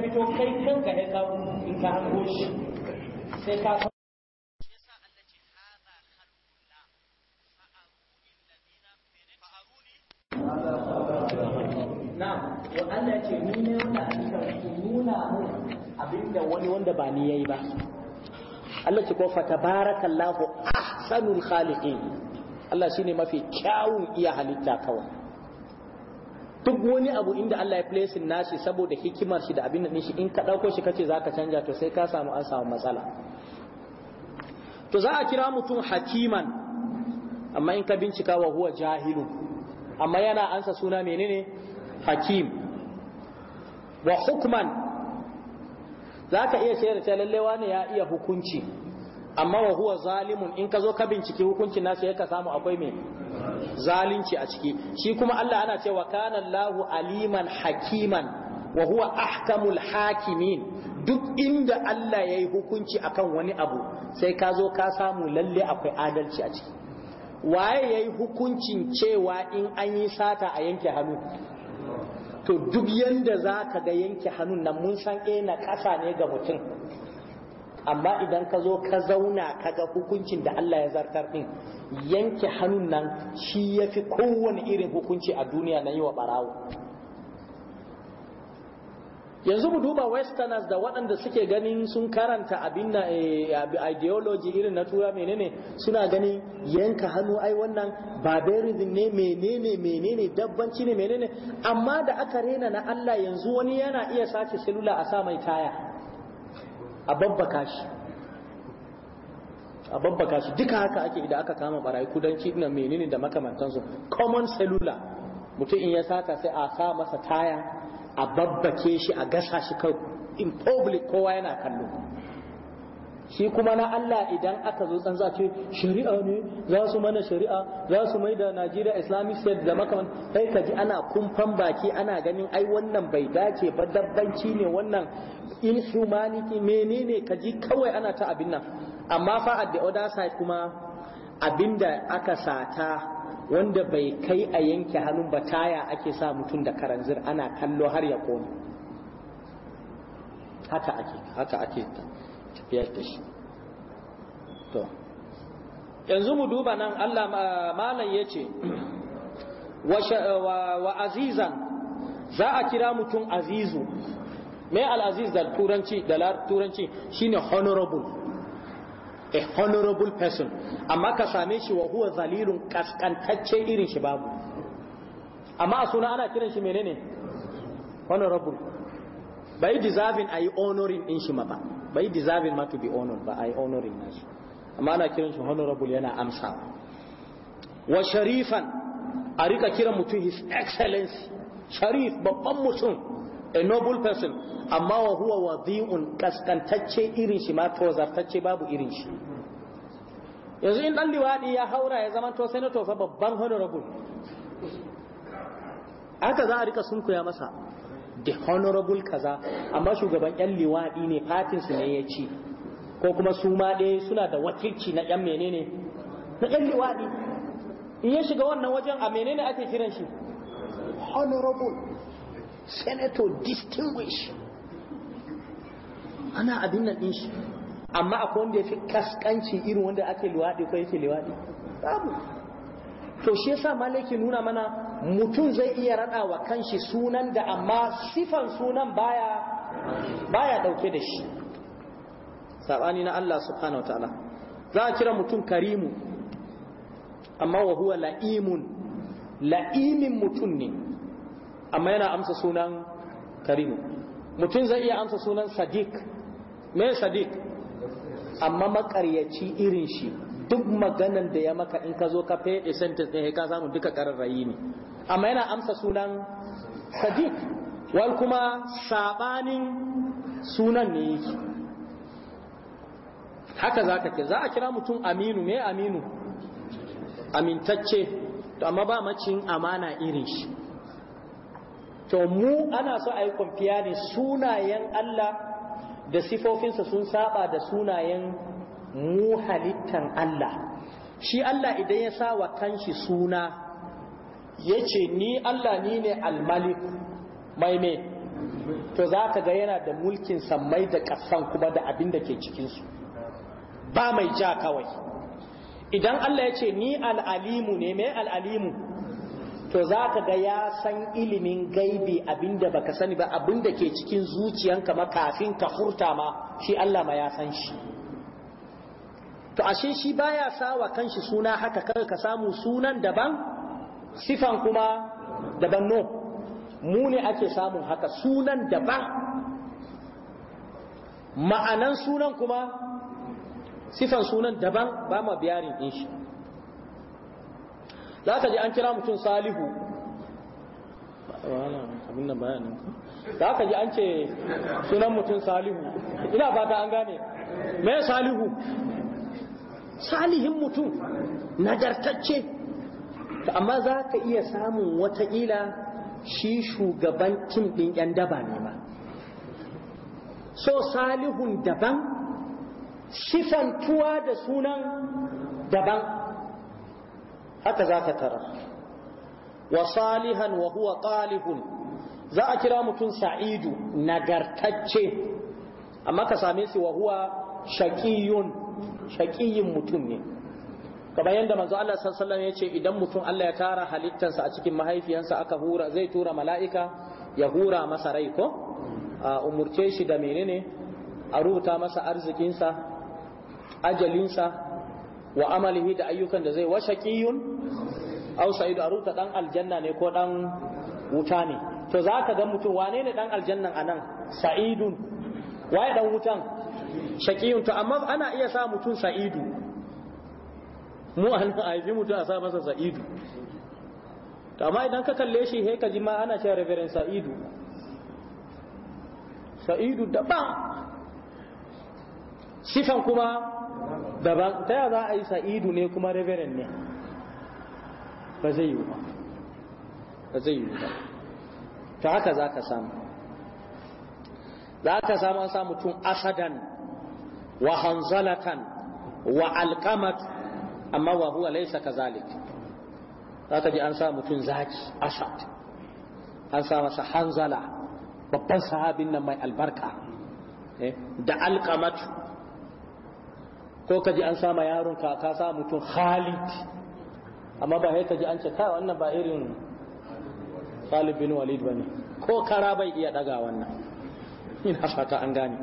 fito kai kanka ya samu in ka hango shi sai ka san Allah ce ni ne wanda aka ku nuna abinda wani wanda ba ni yayi ba Allah ce ko fa tabarakallahu ahsanul khaliqin Allah shine mafi kyawun iya halitta kawai duk wani abu inda Allah ya place nashi saboda hikimar shi da abin da shi in ka dauko shi kace zaka canja to sai ka samu an samu matsala to za a kira mutum hakiman amma in ka bincika wa huwa jahilu amma yana ansa suna menene hakim wa hukman zaka iya shaida ta lalle wani ya iya hukunci amma wa huwa zalimun in ka zo ka binciki hukuncin nasa ya ka samu akwai me zalunci a ciki shi kuma Allah ana cewa kana Allahu aliman hakiman wa huwa ahkamul hakimin duk inda Allah yayi hukunci akan wani abu sai ka zo ka samu lalle akwai adalci a ciki waye yayi hukuncin cewa in an yi sata a yanke hannu to duk yanda za ka ga yanke hannun nan mun san eh na ƙasa ne ga mutum amma idan ka zo ka zauna ka ga hukuncin da Allah ya zartar din yanke hannun nan shi ya fi kowane irin hukunci a duniya na yi wa barawo yanzu mu duba westerners da waɗanda suke ganin sun karanta abin na eh, ideology irin na tura menene suna ganin yanka hannu ai wannan barbarism ne menene menene dabbanci ne menene amma da aka rena na Allah yanzu wani yana iya sace silula a sa mai taya a babbaka shi a babbaka su duka haka ake idan aka kama barayi kudanci ina menene da makamantansu common cellular mutum in ya saka sai a sa masa taya a babbake shi a gasa shi kai in public kowa yana kallo shi kuma na Allah idan aka zo tsan za ce shari'a ne za su mana shari'a za su mai da Najeriya Islamic State da makaman sai ka ana kumfan baki ana ganin ai wannan bai dace ba dabbanci ne wannan inhumanity menene ka ji kawai ana ta abin nan amma fa at the other side kuma abinda aka sata wanda bai kai a yanke hannun ba taya ake sa mutum da karanzir ana kallo har ya kone haka ake haka ake tafiyar da shi to yanzu mu duba nan Allah malam yace wa wa azizan za a kira mutum azizu mai al aziz da turanci da turanci shine honorable a honorable person amma ka same shi wa huwa zalilun kaskantacce irin shi babu amma a suna ana kiran shi menene honorable bai deserving a yi honoring din shi ma ba bai deserving ma to be honored ba a yi honoring nashi amma ana kiran shi honorable yana amsa. wa sharifan a rika kiran mutum his excellency sharif babban mutum a noble person amma wa huwa wadhi'un kaskantacce irin shi ma tozartacce babu irin shi yanzu in dan liwadi ya haura ya zama to na tofa babban honorable aka za a rika sunkuya masa the honorable kaza amma shugaban yan liwadi ne fatin su ne ya ci ko kuma su ma ɗaya suna da wakilci na yan menene na yan liwadi in ya shiga wannan wajen a menene ake kiran shi honorable senator distinguished ana abin nan din shi amma akwai wanda ya fi kaskanci irin wanda ake luwaɗi ko yake luwaɗi babu to shi yasa malaki nuna mana mutum zai iya rada wa kanshi sunan da amma sifan sunan baya baya dauke da shi sabani na Allah subhanahu wataala za a kira mutum karimu amma wa huwa la'imun la'imin mutum ne amma yana amsa sunan karimu mutum zai iya amsa sunan sadiq Mai sadiq amma makaryaci irin shi duk maganan da ya maka in ka zo ka fede sentence ne ka samu duka kararrayi ne amma yana amsa sunan sadiq wal kuma sabanin sunan ne yake haka za ka za a kira mutum aminu me aminu amintacce to amma ba macin amana irin shi to mu ana so a yi kwamfiya ne sunayen Allah da sifofinsa sun saba da sunayen mu halittan Allah shi Allah idan ya sa wa kanshi suna ya ce ni Allah ni ne almalik mai me to za ka ga yana da mulkin sammai da ƙasan kuma da abin da ke cikinsu ba mai ja kawai idan Allah ya ce ni al'alimu ne mai al'alimu to za ka ga ya san ilimin gaibi abinda baka sani ba abinda ke cikin zuciyanka ma kafin ka furta ma shi Allah ma ya san shi to ashe shi baya sawa kanshi suna haka kar ka samu sunan daban sifan kuma daban no mu ne ake samun haka sunan daban ma'anan sunan kuma sifan sunan daban ba ma biyarin din shi za ka ji an kira mutum salihu za ka ji an ce sunan mutum salihu ina fata an gane me salihu salihin mutum nagartacce amma za ka iya samun watakila shi shugaban tim ɗin 'yan daba ne ba so salihun daban sifantuwa da sunan daban haka za ka tara wa salihan wa huwa za a kira mutum sa'idu nagartacce amma ka same shi wa huwa shaqiyun shaqiyin mutum ne kamar yadda manzo Allah sallallahu alaihi wasallam yace idan mutum Allah ya tara halittansa a cikin mahaifiyansa aka hura zai tura mala'ika ya hura masa rai ko a umurce shi da menene a rubuta masa arzikinsa ajalinsa wa amalihi da ayyukan da zai wa shaqiyun au sa'idu aruta dan aljanna ne ko dan wuta ne to za ka ga mutum wane ne dan aljannan anan sa'idun waye dan wutan shaqiyun to amma ana iya sa mutum sa'idu mu an haifi mutum a sa masa sa'idu to amma idan ka kalle shi he ka ji ma ana cewa reverend sa'idu sa'idu daban sifan kuma daban ta za a yi sa'idu ne kuma reverend ne ba zai yi ba ba zai yi ba ta haka za ka samu za ka samu an samu tun asadan wa hanzalatan wa alkamat amma wa huwa laisa kazalik za ka ji an samu tun zaki asad an sa masa hanzala babban sahabin nan mai albarka eh, da alkamatu ko ka ji an sama yaron ka ka sa tun khalid amma ba haika ji an ce kai wannan ba irin Khalid bin Walid bane ko kara bai iya daga wannan ina fata an gane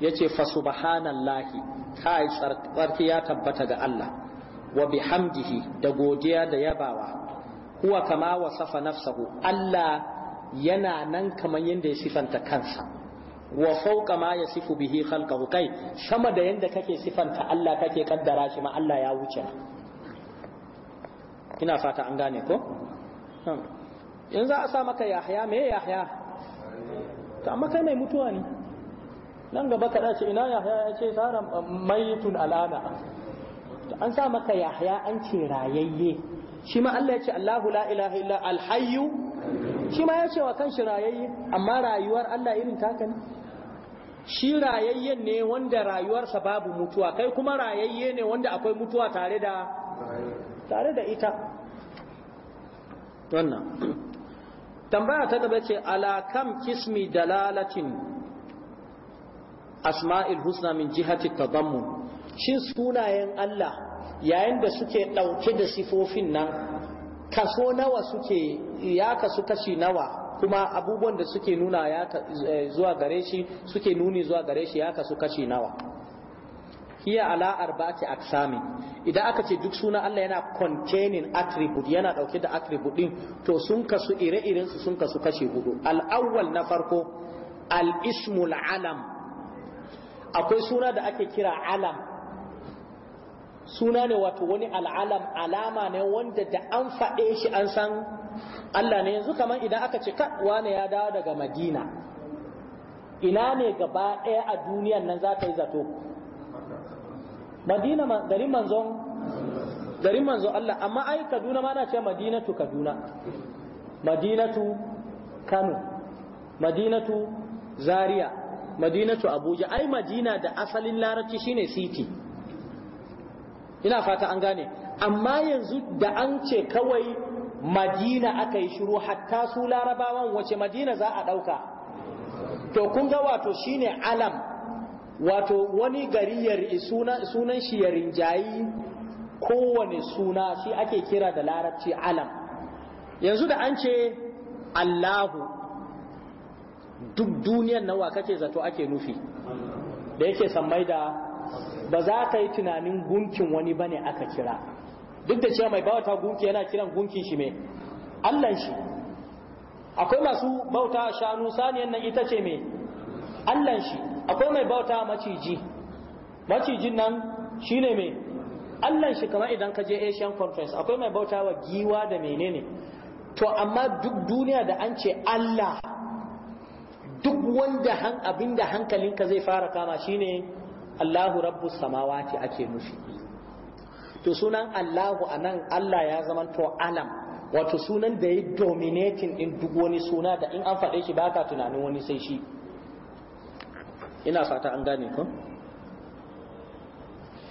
yace fa subhanallahi kai tsarki ya tabbata ga Allah wa bihamdihi da godiya da yabawa huwa kama wasafa nafsahu Allah yana nan kaman yanda ya sifanta kansa wa fawqa ma yasifu bihi khalqahu kai sama da yanda kake sifanta Allah kake kaddara shi ma Allah ya wuce ina fata an gane ko hmm. in za a sa maka yahya me yahya to amma kai mai mutuwa ne nan gaba ka ce ina yahya ya ce tsara maitun al'ana an sa maka yahya an ce rayayye shi ma Allah ya ce Allahu la ilaha illa alhayyu shi ma ya ce wa kanshi rayayye amma rayuwar Allah irin taka ne shi rayayyen ne wanda rayuwarsa babu mutuwa kai kuma rayayye ne wanda akwai mutuwa tare da tare da ita wannan tambaya ta gaba ce ala kam kismi dalalatin asma'il husna min jihati tadammu shin sunayen Allah yayin da suke ɗauke da sifofin nan kaso nawa suke ya kasu kashi nawa kuma abubuwan da suke nuna ya eh, zuwa gare shi suke nuni zuwa gare shi ya kasu kashi nawa hiya ala arba'ati aksami idan aka ce duk suna Allah yana containing attribute yana dauke da attribute din to sun kasu ire-iren su sun kasu kashe hudu al-awwal na farko al-ismul alam akwai suna da ake kira alam suna ne wato wani al'alam alama ne wanda da an faɗe shi an san Allah ne yanzu kamar idan aka ce ne ya dawo daga madina ina ne gaba ɗaya a duniyan nan za ka yi zato madina garin manzon garin manzon Allah amma ai Kaduna ma na ce madinatu Kaduna madinatu Kano madinatu Zaria madinatu Abuja ai madina da asalin larabci shine city ina fata an gane amma yanzu da an ce kawai madina aka yi shiru hatta su larabawan wace madina za a ɗauka to kun ga wato shine alam wato wani gari sunan shi ya rinjayi kowane suna shi ake kira da larabci alam yanzu da an ce allahu duk duniyan nawa kake zato ake nufi da yake sammai da ba za ka yi tunanin gunkin wani bane aka kira duk da cewa mai bauta gunki yana kiran gunkin shi mai allan shi akwai masu bauta shanu saniyan nan ita ce mai allan shi akwai mai bauta maciji macijin nan shine mai allan shi kamar idan ka je asian conference akwai mai bauta wa giwa da menene to amma duk duniya da an ce allah duk wanda han abinda hankalinka zai fara kama shine allahu rabbu samawati ake nufi to sunan allahu anan allah ya zama to alam wato sunan da ya dominating din duk wani suna da in an faɗe shi baka tunanin wani sai shi ina fata an gane ko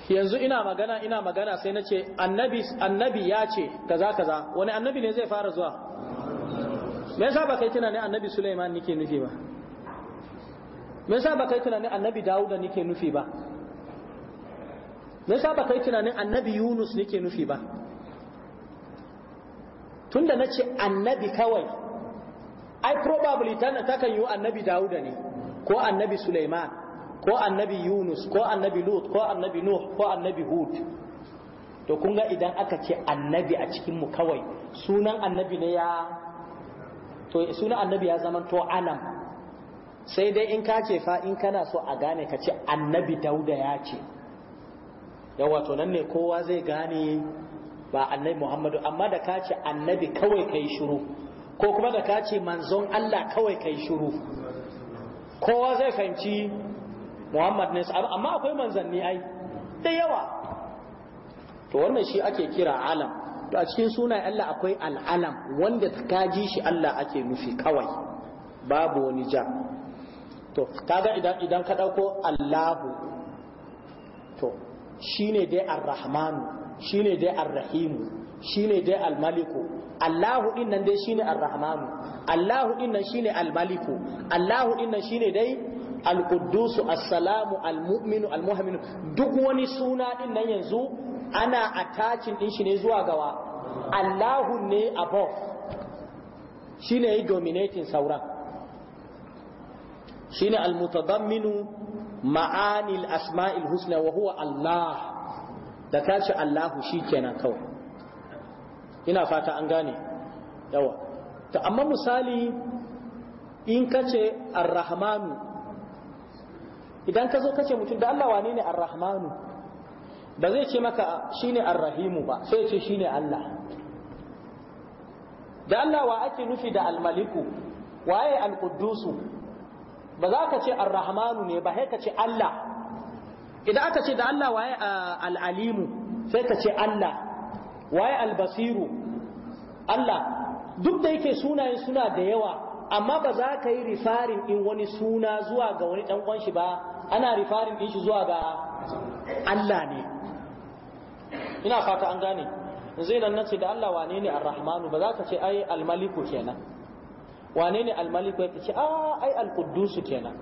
yanzu ina magana ina magana sai na ce annabi annabi ya ce kaza kaza wani annabi ne zai fara zuwa me yasa ba kai ne annabi Sulaiman nike nufi ba me yasa ba kai ne annabi Dawuda nike nufi ba me yasa ba kai tunanin annabi Yunus nike nufi ba tunda nace annabi kawai ai probably ta kan yi annabi Dawuda ne ko annabi Suleiman, ko annabi Yunus ko annabi Lut ko annabi Nuh ko annabi Hud to kun ga idan aka ce annabi a cikin mu kawai sunan annabi ne ya to sunan annabi ya zama to alam sai dai in ka ce fa in kana so a gane ka ce annabi Dauda ya ce yawa to nan ne kowa zai gane ba annabi Muhammadu amma da ka ce annabi kawai kai shiru ko kuma da ka ce manzon Allah kawai kai shiru kowa zai fahimci muhammad ne amma akwai manzanni ai da yawa to wannan shi ake kira alam to a cikin sunayen Allah akwai al'alam wanda ta shi Allah ake nufi kawai babu wani ja to kaga idan ka ɗauko Allahu to shine dai arrahmanu, shine dai arrahimu. shine dai almaliku Allahu din nan dai shine arrahmanu Allahu din nan shine almaliku Allahu din nan shine dai alquddusu assalamu almu'minu almuhamminu duk wani suna din nan yanzu ana attaching din shi ne zuwa gawa Allahu ne above shine yi dominating sauran shine almutadamminu ma'anil asma'il husna wa huwa Allah da kace Allahu shikenan kawai ina fata an gane yawa ta amma misali in ka ce arrahmanu idan ka zo ka ce mutum da Allah wane ne arrahmanu ba zai ce maka shi shine arrahimu ba sai ce shi ne Allah da Allah wa ake nufi da almaliku waye alquddusu ba za ka ce arrahmanu ne ba sai ka ce Allah idan aka ce da Allah waye ah, alalimu sai ka ce Allah waye albasiru Allah duk da yake sunayen suna da yawa amma ba za ka yi rifarin in wani suna zuwa ga wani dan shi ba ana rifarin din shi zuwa ga Allah ne ina fata an gane yanzu idan nace da Allah wane ne ar-rahmanu ba za ka ce ai al-maliku kenan wane ne al-maliku ka ce a ai al-quddusu kenan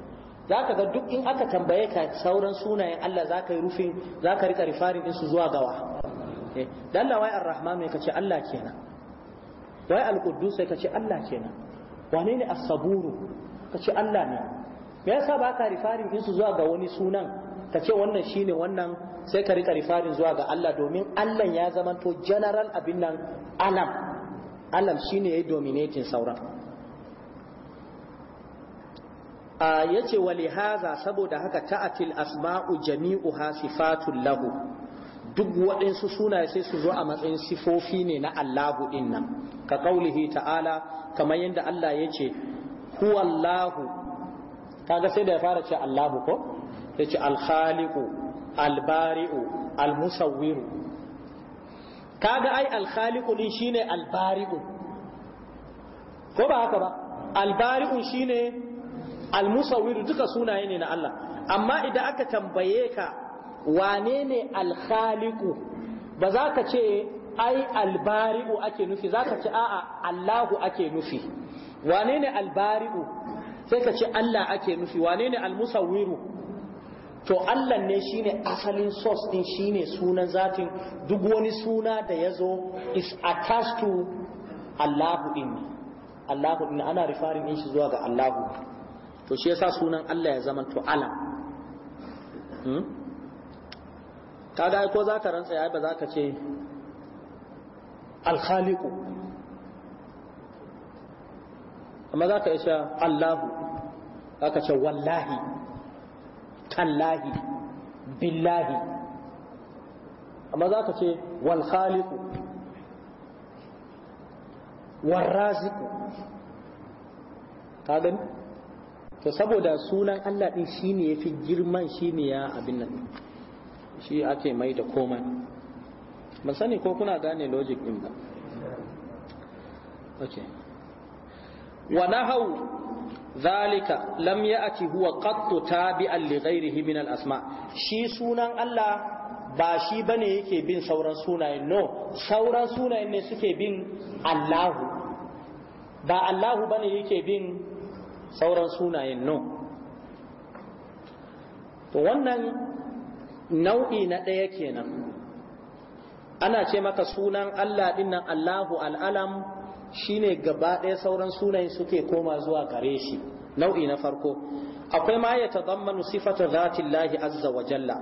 za ka ga duk in aka tambaye ka sauran sunayen Allah za ka yi rufin za ka rika rifarin din su zuwa gawa ne eh, da Allah wai ar-rahman mai kace Allah kenan wai al-quddus sai kace Allah kenan wane ne as-saburu kace Allah ne me yasa ba ka rifarin in su zuwa ga wani sunan kace wannan shine wannan sai ka rika rifarin zuwa ga Allah domin Allah ya zamanto general abin nan alam alam shine yayi dominating sauran yace wali haza saboda haka ta'atil asma'u jami'uha sifatul lahu duk waɗansu sunaye sai su zo a matsayin sifofi ne na Allahu din nan ka kaulihi ta'ala kamar yadda Allah ya ce huwallahu kaga sai da ya fara ce Allahu ko ya ce alkhaliqu albari'u almusawwiru kaga ai alkhaliqu ɗin shine albari'u ko ba haka ba albari'u shine almusawwiru duka sunaye ne na Allah amma idan aka tambaye ka wane ne alkhaliku ba za ka ce ai albari'u ake nufi za ka ce a'a allahu ake nufi wane ne albari'u sai ka ce allah ake nufi wane ne almusawiru to allah ne shine asalin source din shine sunan zatin duk wani suna da ya zo is attached to allahu inni, allahu inni ana rifarin din shi zuwa ga allahu to shi yasa sunan allah ya zama to alam hmm? kaga ko za ka rantsa yayi ba za ka ce alkhaliku amma za ka isha allahu aka ce wallahi tallahi billahi amma za ka ce wal warraziku ka gani to saboda sunan allah din shine yafi girman shine ya abin nan shi ake mai da komai ban sani ko kuna gane logic din ba okay wa hau zalika lam ya'ti huwa qattu tabi'an li ghairihi min al-asma shi sunan Allah ba shi bane yake bin sauran sunayen no sauran sunayen ne suke bin Allahu ba Allahu bane yake bin sauran sunayen no to wannan nau'i na ɗaya kenan ana ce maka sunan Allah ɗin nan Allahu al'alam shine gaba ɗaya sauran sunayen suke koma zuwa gare shi nau'i na farko akwai ma ya tazammanu sifata zatillahi azza wa jalla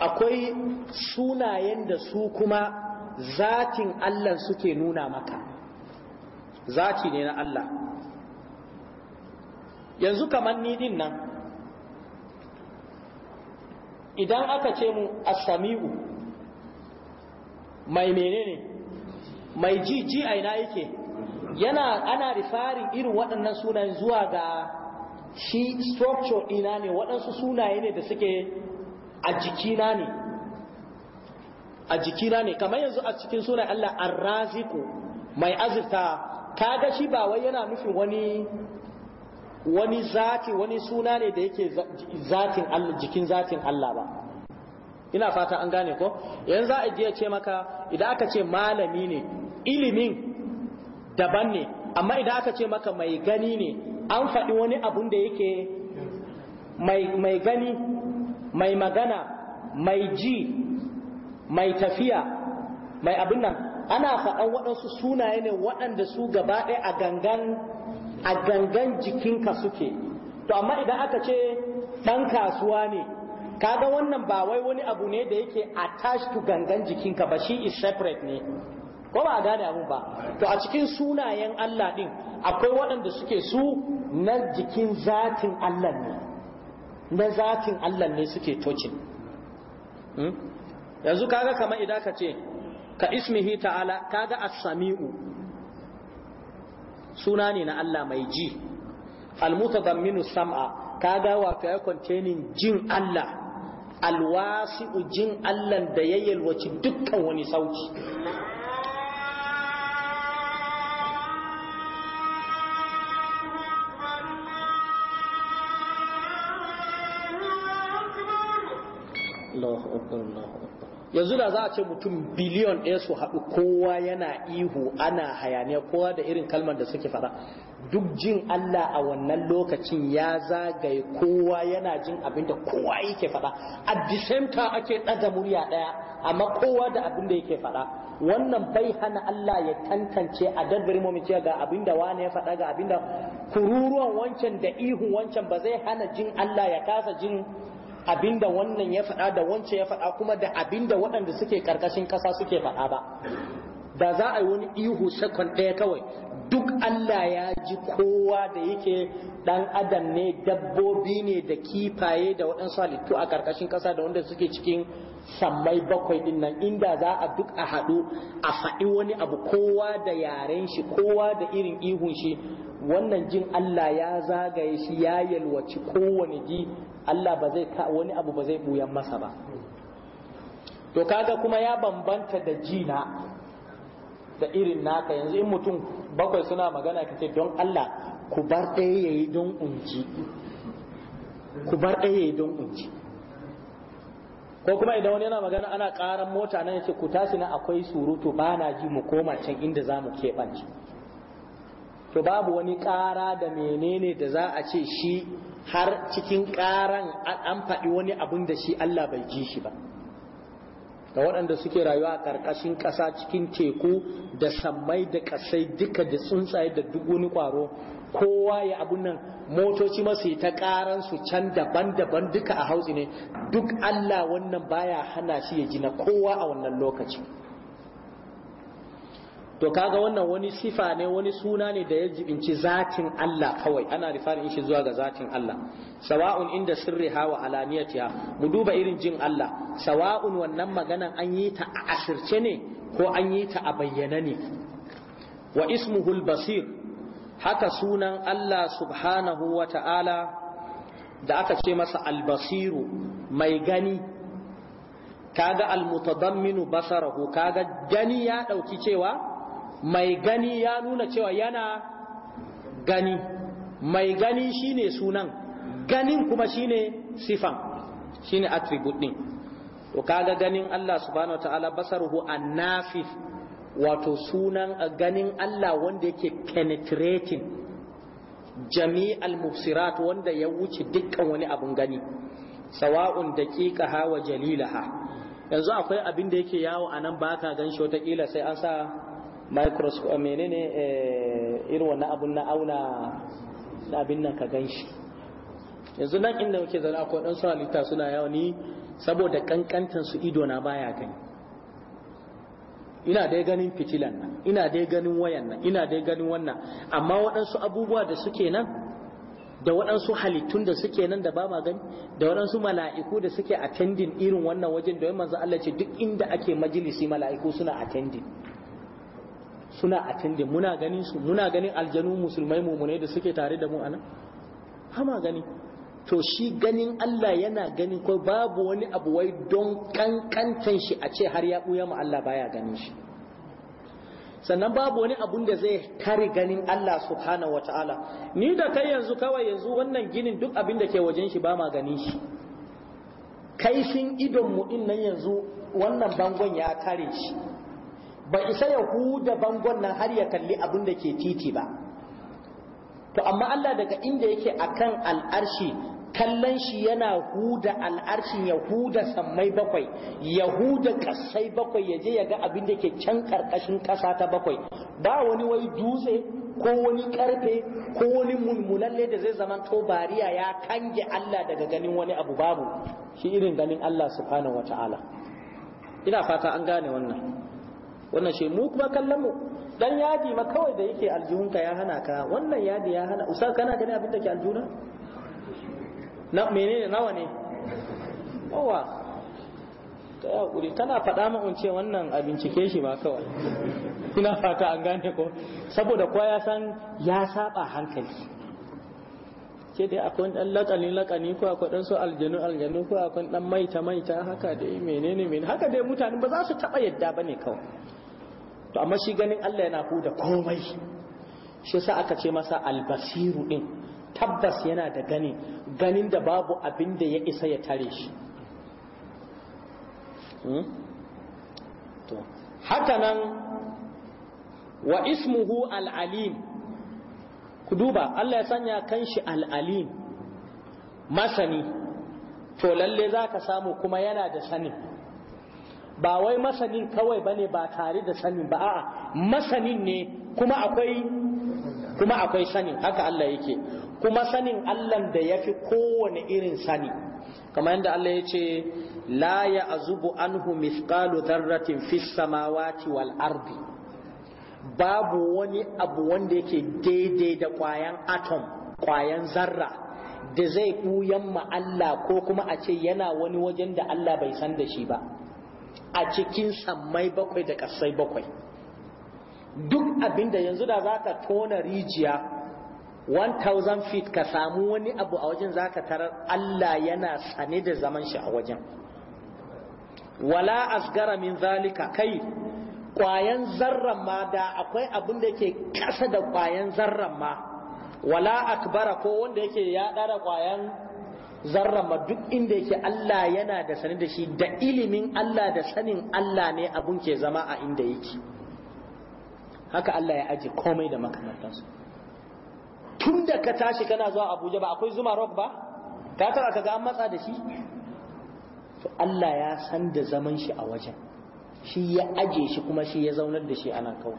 akwai sunayen da su kuma zatin Allah suke nuna maka zati ne na Allah yanzu kamar ni dinnan. idan aka ce mu asami'u samiu mai menene mai ji ji a ina yake yana ana rifarin irin waɗannan sunayen zuwa ga shi structure ina ne waɗansu sunaye ne da suke a jikina ne a jikina ne kamar yanzu a cikin sunan Allah arraziku mai azurta kaga shi ba wai yana nufin wani wani zati wani suna ne da yake zatin Allah jikin zatin Allah ba ina fata an gane ko yanzu za a je ce maka idan aka ce malami ne ilimin daban ne amma idan aka ce maka mai gani ne an faɗi wani abun da yake mai gani mai magana mai ji mai tafiya mai abin nan ana faɗan waɗansu sunaye ne waɗanda su gaba ɗaya a gangan a gangan jikinka suke to amma idan aka ce ɗan kasuwa ne kaga wannan ba wai wani abu ne da yake attached to gangan jikinka ba shi is separate ne ko ba a gane abu ba to a cikin sunayen Allah din akwai waɗanda suke su na jikin zatin Allah ne na zatin Allah ne suke tocin hmm? yanzu kaga kamar idan ka ce ka ismihi ta'ala kaga as-sami'u suna ne na Allah mai ji almutadamminu sam'a kaga wato ya containing jin Allah alwasi'u jin Allah da yayyal wace dukkan wani sauti Allahu akbar Allahu akbar yanzu da za a ce mutum biliyon ɗaya su haɗu kowa yana ihu ana hayaniya kowa da irin kalmar da suke fara duk jin Allah a wannan lokacin ya zagaye kowa yana jin abin da kowa yake faɗa a ake ɗaga murya ɗaya amma kowa da abin da yake faɗa wannan bai hana Allah ya tantance a dabbar mamaci ga abin da wani ya faɗa ga abin da kururuwan wancan da ihu wancan ba zai hana jin Allah ya kasa jin abinda wannan ya faɗa da wancan ya faɗa kuma da abinda waɗanda suke karkashin ƙasa suke faɗa ba da za a yi wani ihu sakon ɗaya kawai duk Allah ya ji kowa da yake ɗan adam ne dabbobi ne da kifaye da waɗansu halittu a ƙarƙashin ƙasa da wanda suke cikin sammai bakwai ɗin nan inda za a duk a haɗu a faɗi wani abu kowa da yaren shi kowa da irin ihun shi wannan jin Allah ya zagaye shi ya yalwaci kowane ji Allah ba zai ka wani abu ba zai buyan masa ba to kaga kuma ya bambanta da jina da irin naka yanzu in mutum bakwai suna magana kace don Allah ku bar ɗaya yayi don unji ku bar ɗaya yayi don unji ko kuma idan wani yana magana ana ƙaran mota nan yace ku tashi na akwai surutu ba na ji mu koma can inda za mu keɓance to babu wani ƙara da menene da za a ce shi har cikin ƙaran an faɗi wani abin da shi Allah bai ji shi ba ga waɗanda suke rayuwa a ƙarƙashin ƙasa cikin teku da sammai da ƙasai duka da tsuntsaye da duk wani ƙwaro kowa ya abun nan motoci masu ta ƙaran su can daban-daban duka a hausi ne duk Allah wannan baya hana shi ya ji na kowa a wannan lokaci to kaga wannan wani sifa ne wani suna ne da ya jibinci zatin Allah kawai ana rifarin shi zuwa ga zatin Allah sawa'un inda sirri hawa alaniyatiha mu duba irin jin Allah sawa'un wannan maganan an yi ta a asirce ne ko an yi ta a bayyana ne wa ismuhul basir haka sunan Allah subhanahu wa ta'ala da aka ce masa albasiru mai gani kaga almutadamminu basarahu kaga gani ya dauki cewa mai gani ya nuna cewa yana gani mai gani shine sunan ganin kuma shine sifan shine attribute din to kaga ganin Allah subhanahu wataala basaruhu annafif wato sunan ganin Allah wanda yake penetrating jami'al mufsirat wanda ya wuce dukkan wani abun gani sawa'un ha wa jalilaha yanzu akwai abin da yake yawo anan baka gan shi wata kila sai an sa microscope eh, menene eh, irin wannan abun na auna abin nan ka ganshi? yanzu nan inda muke zaune akwai ɗansu halitta suna yawo ni saboda kankantan su ido na baya gani ina dai ganin fitilan nan ina dai ganin wayan nan ina dai ganin wannan amma waɗansu abubuwa da suke nan da waɗansu halittun da suke nan da ba ma gani da waɗansu mala'iku da suke attending irin wannan wajen da manzo Allah ce duk inda ake majalisi mala'iku suna attending suna attending muna ganin su muna ganin aljanu musulmai mumunai da suke tare da mu a nan. hama gani to shi ganin Allah yana gani ko babu wani abu wai don kankantan shi a ce har ya buya mu Allah baya ganin shi sannan babu wani abun da zai kare ganin Allah subhanahu wataala ni da kai yanzu kawai yanzu wannan ginin duk abin da ke wajen shi ba ma ganin shi kaifin idon mu din nan yanzu wannan bangon ya kare shi ba isa ya huda bangon nan har ya kalli abin da ke titi ba to amma Allah daga inda yake akan al'arshi kallon shi yana huda al'arshin ya huda sammai bakwai ya huda kasai bakwai ya je ya ga abin da ke can karkashin kasa ta bakwai ba wani wai dutse ko wani karfe ko wani mulmulalle da zai zama to bariya ya kange Allah daga ganin wani abu babu shi irin ganin Allah subhanahu wata'ala ina fata an gane wannan wannan shi mu kuma kallon mu dan yadi ma kawai da yake aljihunka ya hana ka wannan yadi ya hana usa kana gani abin da ke aljuna na menene nawa ne owa ta hakuri tana faɗa min ce wannan a bincike shi ba kawai ina fata an gane ko saboda kowa ya san ya saba hankali ke dai akwai dan lakani lakani ko akwai dan su aljanu aljanu ko akwai dan maita maita haka dai menene menene haka dai mutane ba za su taba yadda bane kawai to amma shi ganin Allah yana huda komai shi yasa aka ce masa albasiru din tabbas yana da gani ganin da babu abin da ya isa ya tare shi hmm? to haka nan wa ismuhu al’alim ku duba Allah ya sanya kanshi al al’alim masani to lalle ka samu kuma yana da sanin ba wai masanin kawai bane ba tare da sanin ba a'a masanin ne kuma akwai kuma akwai sanin haka Allah yake kuma sanin Allah da yafi kowane irin sani kamar yadda Allah ya ce la azubu anhu mithqalu dharratin fis samawati wal ardi babu wani abu wanda yake daidai da kwayan atom kwayan zarra da zai buyan ma Allah ko kuma a ce yana wani wajen da Allah bai san da shi ba a cikin sammai bakwai da ƙasai bakwai duk abinda yanzu da za ka tona rijiya 1000 feet ka samu wani abu a wajen za ka tarar Allah yana sane da zaman shi a wajen wala asgara min zalika kai ƙwayan zarren ma da akwai abinda da yake ƙasa da ƙwayan zarren ma wala akbara ko wanda yake ya ɗara ƙwayan zarra ma duk inda yake Allah yana da sani da shi da ilimin Allah da sanin Allah ne abun ke zama a inda yake haka Allah ya aje komai da makamantansu tun da ka tashi kana zuwa Abuja ba akwai zuma rock ba ka tara ka ga an matsa da shi to Allah ya san da zaman shi a wajen shi ya aje shi kuma shi ya zaunar da shi a nan kawai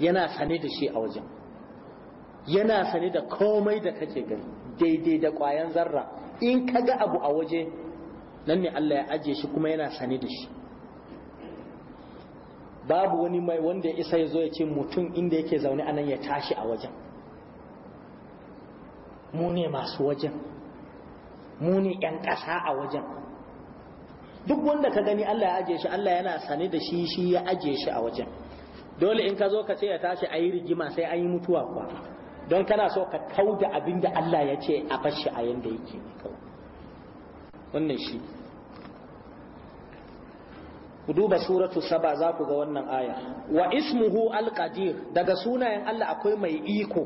yana sane da shi a wajen yana sane da komai da kake gani daidai da ƙwayan zarra in ka ga abu a waje nan ne Allah ya ajiye shi kuma yana sane da shi babu wani mai wanda ya isa ya zo ya ce mutum inda yake zaune anan ya tashi a wajen mu ne masu wajen mu ne 'yan ƙasa a wajen duk wanda ka gani Allah ya ajiye shi Allah yana sane da shi shi ya ajiye shi a wajen dole in ka zo ka ce ya tashi a yi rigima sai an yi mutuwa kuwa don kana so ka kau da abin da Allah ya ce a fashe a yadda yake wannan shi ku duba suratu saba za ku ga wannan aya wa ismuhu alqadir daga sunayen Allah akwai mai iko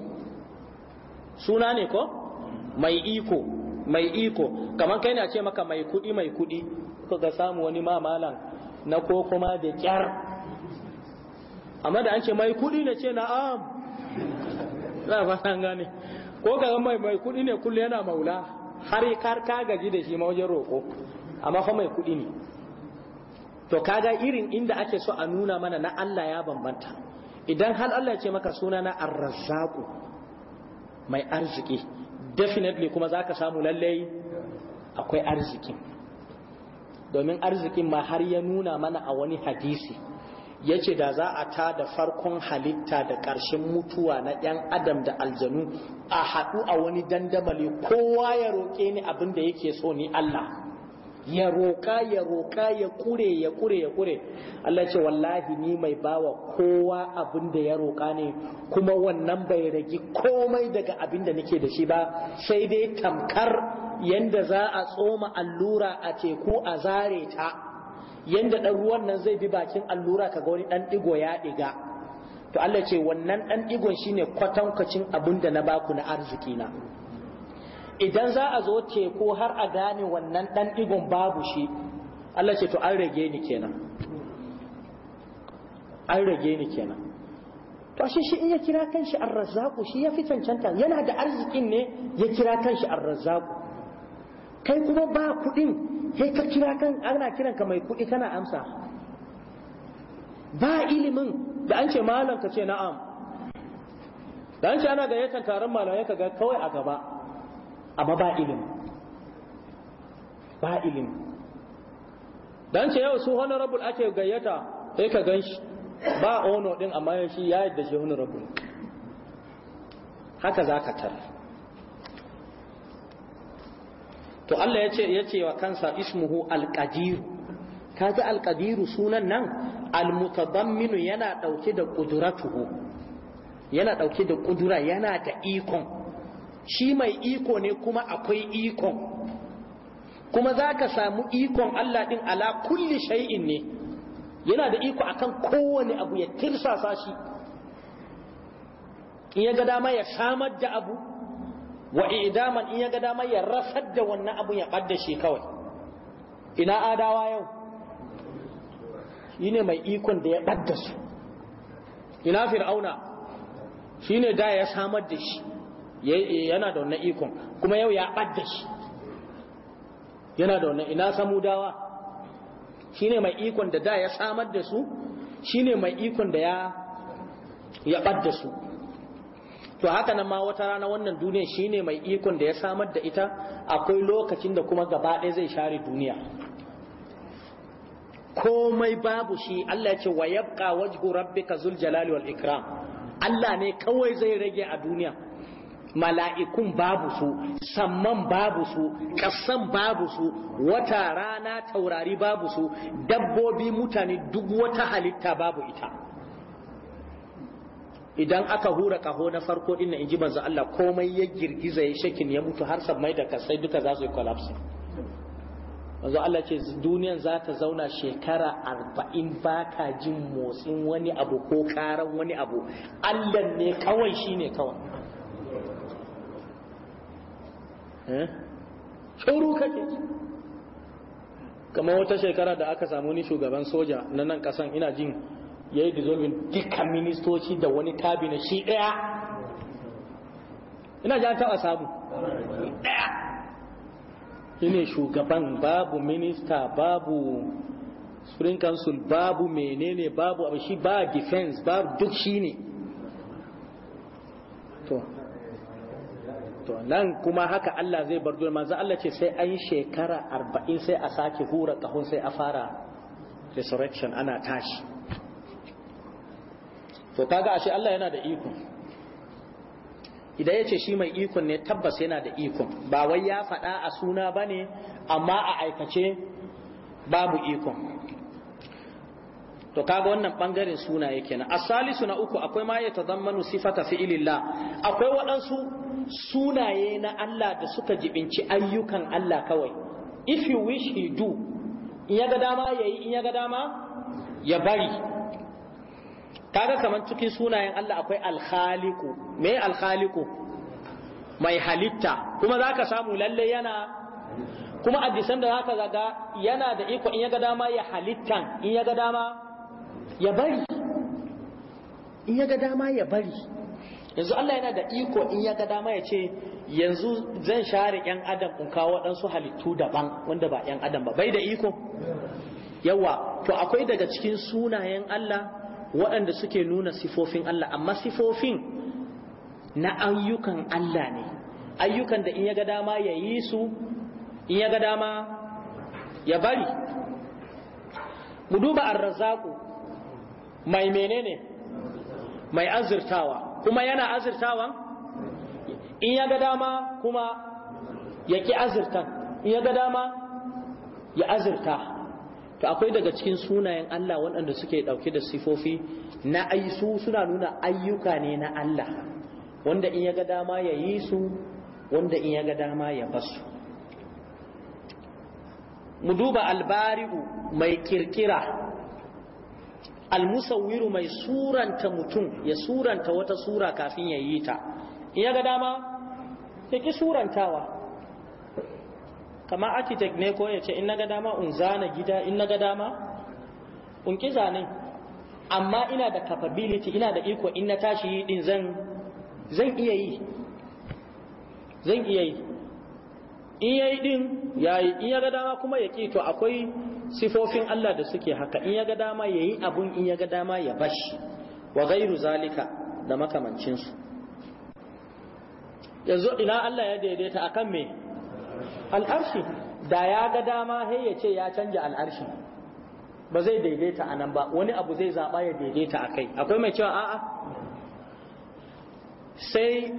suna ne ko mai iko mai iko kamar kai na ce maka mai kudi mai kudi ko ga samu wani mamalan na ko kuma da kyar amma da an ce mai kudi na ce na'am za a gane ko ka mai mai kuɗi ne kullu yana maula har kar ka gaji da shi ma wajen roƙo amma fa mai kuɗi ne to kaga irin inda ake so a nuna mana na Allah ya bambanta idan hal Allah ce maka suna na arzaku mai arziki definitely kuma zaka samu lallai akwai arzikin domin arzikin ma har ya nuna mana a wani hadisi ya ce da za a ta da farkon halitta da ƙarshen mutuwa na 'yan adam da aljanu a haɗu a wani dandamali kowa ya roƙe ni abin da yake so ni Allah ya roƙa ya roƙa ya kure ya kure ya kure Allah ce wallahi ni mai bawa kowa abin da ya roƙa ne kuma wannan bai ragi komai daga abin da nake da shi ba sai dai tamkar yanda za a tsoma allura a teku a zare ta yanda dan ruwan nan zai bi bakin allura kaga wani dan digo ya diga to Allah ce wannan dan digon shine kwatankacin abin da na baku na arziki na idan za a zo teku har a gane wannan dan digon babu shi Allah ce to an rage ni kenan an rage ni kenan to shi shi in ya kira kanshi arrazzaku shi ya fi cancanta yana da arzikin ne ya kira kanshi arrazzaku kai kuma ba kuɗin sai ka kira kan ana kiranka mai kuɗi kana amsa ba ilimin da an ce malam ka ce na'am da an ce ana gayyatar taron malamai ka ga kawai a gaba amma ba ilim. ba ilim. da an ce yau su honorable ake gayyata sai ka gan shi ba ono din amma shi ya yadda shi honorable haka za ka tara to Allah ya ce wa kansa ismuhu alqadir al alqadir sunan nan almutadamminu yana ɗauke da ƙuduratuhu yana ɗauke da kudura yana da ikon shi mai iko ne kuma akwai ikon kuma zaka samu ikon Allah ɗin ala kulli shay'in ne yana da iko akan kowane abu ya tirsasa shi in ya ga dama ya samar da abu wa idaman in ya ga damar ya rasar da wannan abun ya kaddashi kawai ina adawa yau shine mai ikon da ya kaddasu su ina fir'auna shine da ya samar da shi yana da wannan ikon kuma yau ya kaddashi shi yana da wannan ina samudawa shine mai ikon da da ya samar da su shine mai ikon da ya ya kaddasu su to haka nan ma wata rana wannan duniya shine mai ikon da ya samar da ita akwai lokacin da kuma gaba ɗaya zai share duniya komai babu shi Allah ya ce wa yabqa wajhu rabbika zul jalali wal ikram Allah ne kawai zai rage a duniya mala'ikun babu su samman babu su ƙasan babu su wata rana taurari babu su dabbobi mutane duk wata halitta babu ita idan aka hura kaho na farko din in ji manzo Allah komai ya girgiza ya shakin ya mutu har mai da kasai duka za su yi collapse manzo Allah ce duniyan za ta zauna shekara arba'in ba ka jin motsin wani abu ko karan wani abu Allah ne kawai shine kawai eh shuru kake kamar wata shekara da aka samu ni shugaban soja na nan kasan ina jin ya yi dissolving dukkan ministoci da wani tabi na shi ɗaya ina ji an taɓa samu ɗaya shine shugaban babu minista babu spring council babu menene babu abu shi ba defense babu duk shi ne to nan kuma haka Allah zai bar dole manzo Allah ce sai an shekara 40 sai a sake hura kahon sai a fara resurrection ana tashi to kaga ashe Allah yana da iko idan yace shi mai ikon ne tabbas yana da ikon ba wai ya faɗa a suna ba amma a aikace babu ikon to kaga wannan bangaren sunaye na asalisu na uku akwai ma ya tazammanu sifata fi'ilillah akwai waɗansu sunaye na Allah da suka jibinci ayyukan Allah kawai if you wish he do in ya ga dama yayi in ya ga dama ya bari kaga kaman cikin sunayen Allah akwai alkhaliku me alkhaliku mai halitta kuma zaka samu lalle yana kuma a da zaka zaga yana da iko in ya dama ya halittan in ya dama ya bari in ya dama ya bari yanzu Allah yana da iko in ya ga dama ya ce yanzu zan share yan adam in kawo waɗansu halittu daban wanda ba yan adam ba bai da iko yawa to akwai daga cikin sunayen Allah waɗanda suke nuna sifofin Allah amma sifofin na ayyukan Allah ne ayyukan da in ya ga dama ya yi su in ya ga dama ya bari mu duba arrazaku mai menene mai azurtawa kuma yana azurtawan in ya ga dama kuma ya ki azurtan in ya ga dama ya azurta to akwai daga cikin sunayen Allah waɗanda suke ɗauke da sifofi na aisu suna nuna ayyuka ne na Allah wanda in ya ga dama ya yi su wanda in ya ga dama ya basu mu duba albari'u mai kirkira almusawwiru mai suranta mutum ya suranta wata sura kafin ya yi ta in ya ga dama ya ki surantawa kama architect ne ko ya ce in naga dama in zana gida in naga dama in ki zane amma ina da capability ina da iko in na tashi din zan zan iya yi zan iya yi in yayi din yayi in ya ga dama kuma ya ki to akwai sifofin Allah da suke haka in ya ga dama yayi abun in ya ga dama ya bashi wa ghairu zalika da makamancin su yanzu ina Allah ya daidaita akan me al'arshi da ya ga dama sai ya ce ya canja al'arshi ba zai daidaita a nan ba wani abu zai zaɓa ya daidaita a kai akwai mai cewa a'a sai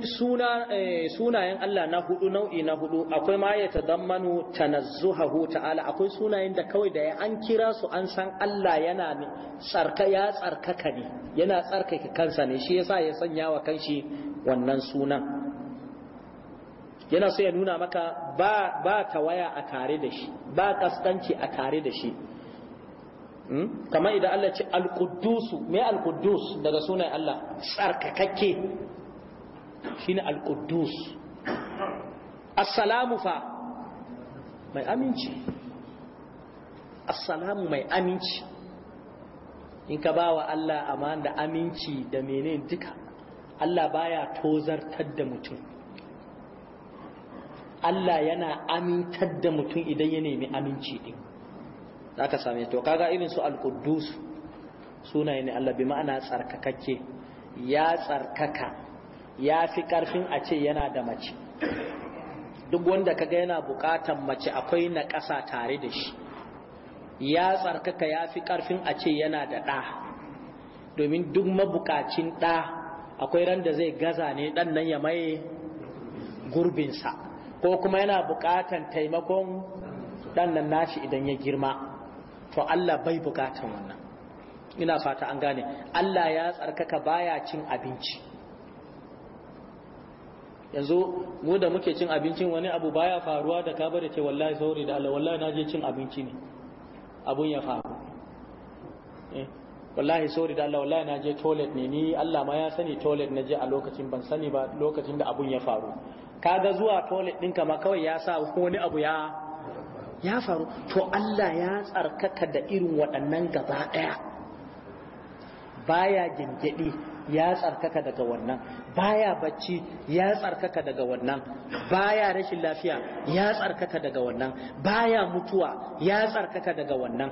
eh, sunayen Allah na hudu nau'i na hudu akwai ma ya zuha tanazzuhahu ta'ala akwai sunayen da kawai da ya an kira su an san Allah yana tsarka ya tsarkaka ne yana tsarkake kansa ne shi yasa ya sanya wa kanshi wannan sunan yana so ya nuna maka ba ba waya a tare da shi ba kaskanci a tare da shi hmm? kamar idan Allah ce al-quddus me al-quddus daga sunan Allah tsarkakakke shine al-quddus assalamu fa mai aminci assalamu mai aminci in ka ba wa Allah aman da aminci da menene duka Allah baya tozartar da mutum Allah yana amintar da mutum idan ya nemi aminci din ka same to kaga irin su al-Quddus sunaye ne Allah bi ma'ana tsarkakakke ya tsarkaka ya fi karfin a ce yana da mace duk wanda kaga yana bukatan mace akwai na ƙasa tare da shi ya tsarkaka ya fi karfin a ce yana da ɗa domin duk mabukacin ɗa akwai ran da zai gaza ne ɗan nan ya maye gurbinsa ko kuma yana buƙatan taimakon ɗan nan nashi idan ya girma to Allah bai buƙatan wannan ina fata an gane Allah ya tsarkaka baya cin abinci yanzu mu da muke cin abincin wani abu baya faruwa da ka bari ce wallahi sauri da Allah wallahi na je cin abinci ne abun ya faru eh, wallahi sauri da Allah wallahi na je toilet ne ni Allah ma ya sani toilet na je a lokacin ban sani ba lokacin da abun ya faru Ka ga zuwa toilet ɗinka ma kawai ya sa wani abu ya ya faru to Allah ya tsarkaka da irin waɗannan gaba ɗaya baya gingidi ya tsarkaka daga wannan baya bacci ya tsarkaka daga wannan baya rashin lafiya ya tsarkaka daga wannan baya mutuwa ya tsarkaka daga wannan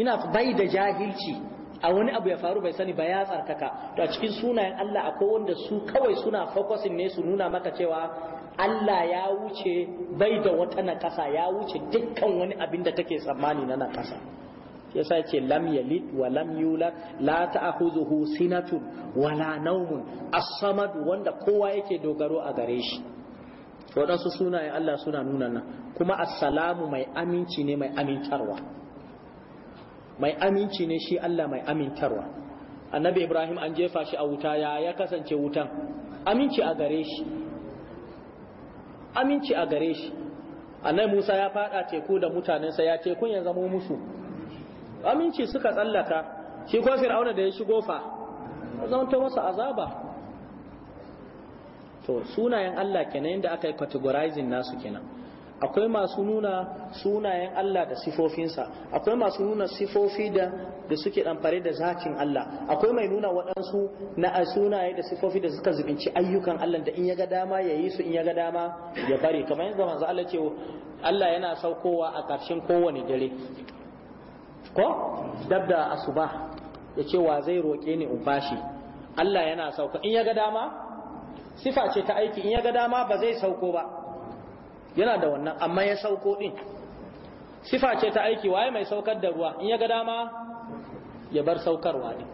ina bai da jahilci a wani abu ya faru bai sani ba ya tsarkaka to a cikin sunayen Allah akwai wanda su kawai suna focusing ne su nuna maka cewa Allah ya wuce bai da wata na nakasa ya wuce dukkan wani abin da take tsammani na na nakasa yasa yake lam yalid wa lam yulad la ta'khudhuhu sinatun la nawmun as-samad wanda kowa yake dogaro a gare shi waɗansu sunayen Allah suna nuna nan kuma assalamu mai aminci ne mai amintarwa mai aminci ne shi Allah mai amintarwa annabi Ibrahim an jefa shi a wuta ya ya kasance wutan aminci a gare shi aminci a gare shi annabi Musa ya fada teku da mutanensa ya kun ya zama musu aminci suka tsallaka shi ko Fir'auna da ya shigo fa zama masa azaba to sunayen Allah kenan yadda aka yi categorizing nasu kenan akwai masu nuna sunayen Allah da sifofinsa akwai masu nuna sifofi da da suke ɗanfare da zakin Allah akwai mai nuna waɗansu na sunaye da sifofi da suka zubinci ayyukan Allah da in ya ga dama ya yi su in ya ga dama ya bari kamar yadda manzo Allah ce Allah yana saukowa a ƙarshen kowane dare ko dab da asuba ya ce wa zai roƙe ni in bashi Allah yana sauka in ya ga dama sifa ce ta aiki in ya ga dama ba zai sauko ba yana da wannan amma ya sauko din sifa ce ta aiki waye mai saukar da ruwa in ya ga dama ya bar saukarwa ne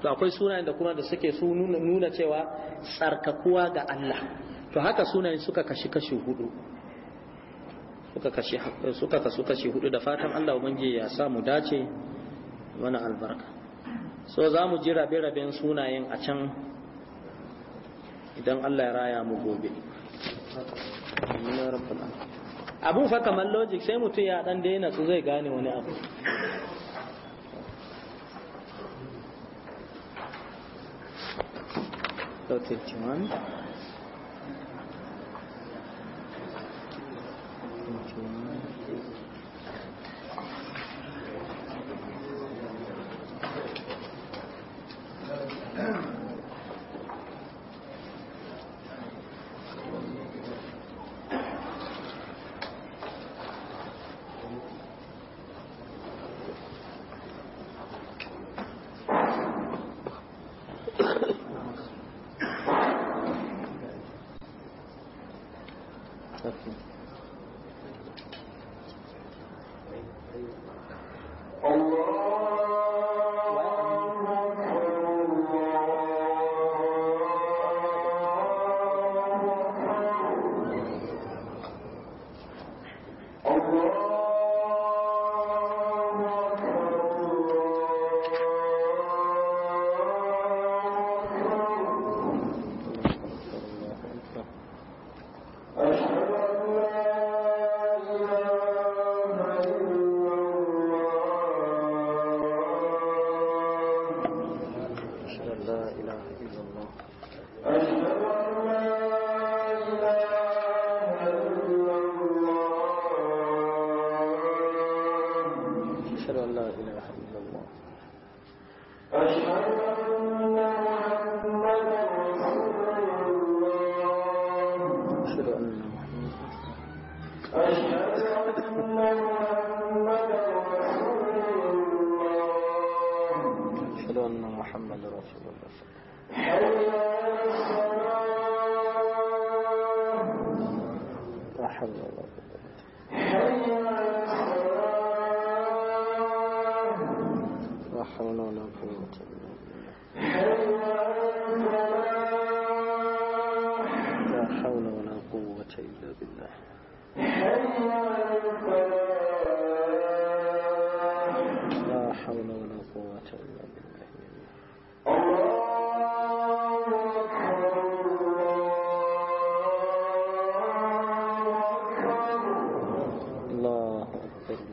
to akwai sunayen da kuma da suke su nuna cewa tsarkakuwa ga Allah to haka sunayen suka kashi kashi hudu suka kashi suka kasu kashi hudu da fatan Allah ubangiji ya sa mu dace mana albarka so za mu ji rabe-raben sunayen a can idan Allah ya raya mu gobe abun fa kamar logic sai mutum ya dan daina su zai gane wani abu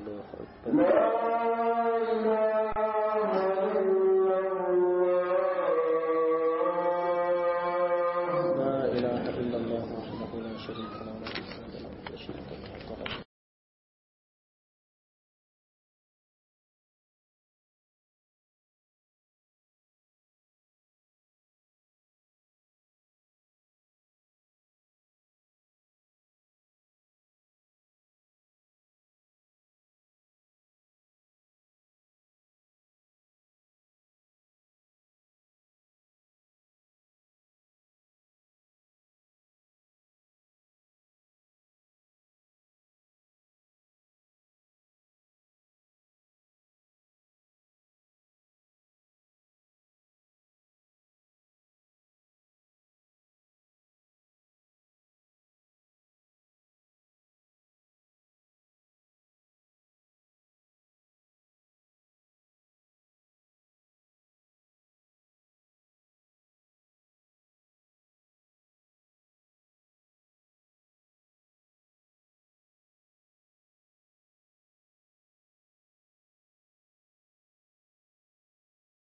الله أكبر